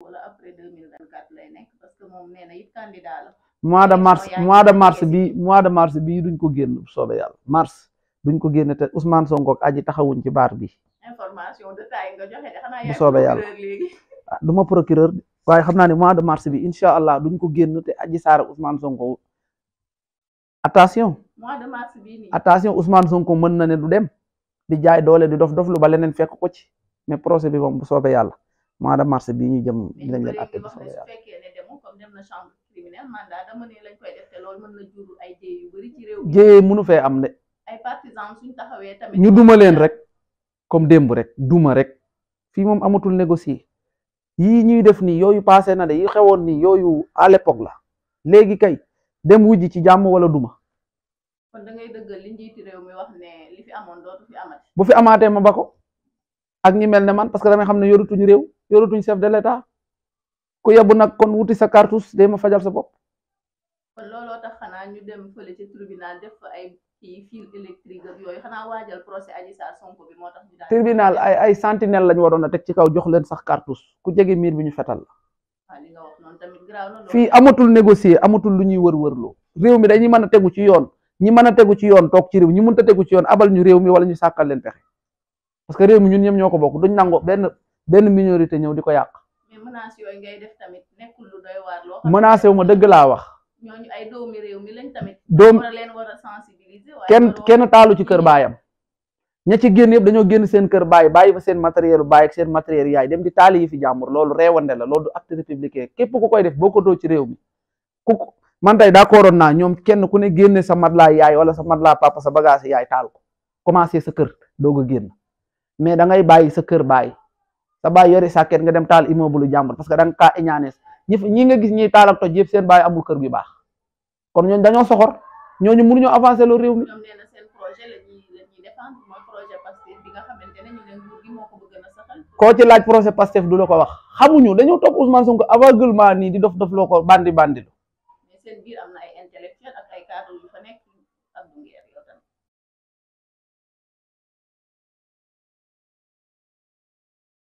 wala après mois de mars mois de mars bi mois de mars bii duñ ko génn soobee yàlla mars duñ ko génn te Ousmane Sonko ak aji taxawuñ ci baar bi. information bu soobee yàlla ah, du ma procureur waaye xam naa ne mois de mars bi incha allah duñ ko génn te aji saara Ousmane Sonko attention. mois de mars Sonko mën na ne du dem di jaay doole di dof dof lu ba leneen fekk ko ci mais procès bi moom bu soobee yàlla. mois de mars bii ñu jëm dinañ leen àtte bu soobee yàlla jéyee mënu fee am de ñu duma leen rek comme démb rek duma rek fii moom amatul négocier yii ñuy def nii yooyu passé na de yi xewoon nii yooyu à l'époque la léegi kay dem wujji ci jàmm wala duma kon da ngay dëggal li njiiti réew mi wax ne li fi amoon dootu fi amati bu fi amaatee ma ba ko ak ñi mel ne man parce que damay xam ne yorutuñ réew yorutuñ chef de l'état ku yebu nag kon wuti sa cartouche day ma fajal sa bopp. kon looloo tax xanaa ñu dem fële ay kii fil électrique ay ay sentinelle lañ waroon a teg ci kaw jox leen sax cartouche ku jege miir bi ñu fetal la. Ah, fii amatul négocier amatul lu ñuy wër lo réew mi dañuy mën a tegu ci yoon ñi mën a tegu ci yoon toog ci réew ñi mënut a tegu ci yoon abal ñu réew mi wala ñu sàkkal leen pexe parce que réew mi ñun ñoom ñoo ko bokk duñ nango benn benn minorité ñëw di ko yàq. mais menaces wu ma dëgg laa wax. doom kenn kenn taalu ci kër baayam. ña ci génn yëpp dañoo génn seen kër baay bàyyi fa seen matériel baay ak seen matériel yaay dem di taali yi fi jàmbur loolu réewande la loolu du acte républicain képp ku koy def boo ko doo ci réew mi ku man tey d'accordoon naa ñoom kenn ku ne génne sa mat laa yaay wala sa mat laa papa sa bagage yaay taal ko commencé sa kër doog a génn mais da ngay bàyyi sa kër bàyyi sa bàyyi yori sàkket nga dem tal immeuble jambar parce que da nga kaa ñi e ñi nga gis ñi taal ak toj yëpp seen bàyyi amul kër bi baax kon ñoo dañoo soxor mënu mënuñoo avancer lu rew mi ko ci laaj projet Pastef du lako wax xamuñu dañoo top Ousmane Sonko aveuglement ni di dof dof loko bandi bandi bandi